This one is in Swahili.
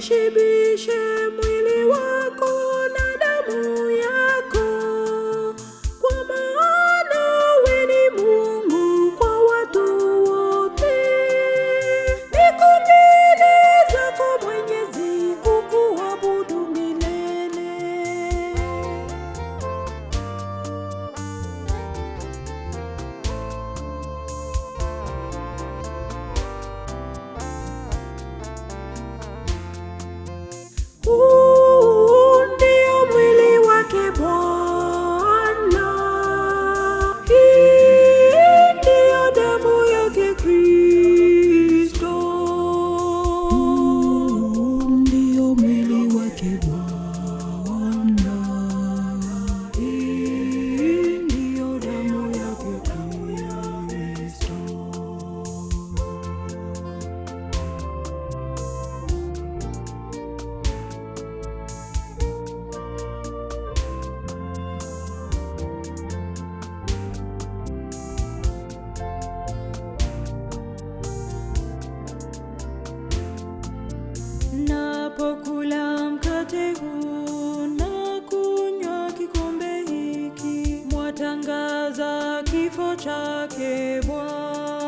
Bishi bishi mwili wangu Kukula mkate huu na kunywa kikombe hiki, mwatangaza kifo chake Bwana.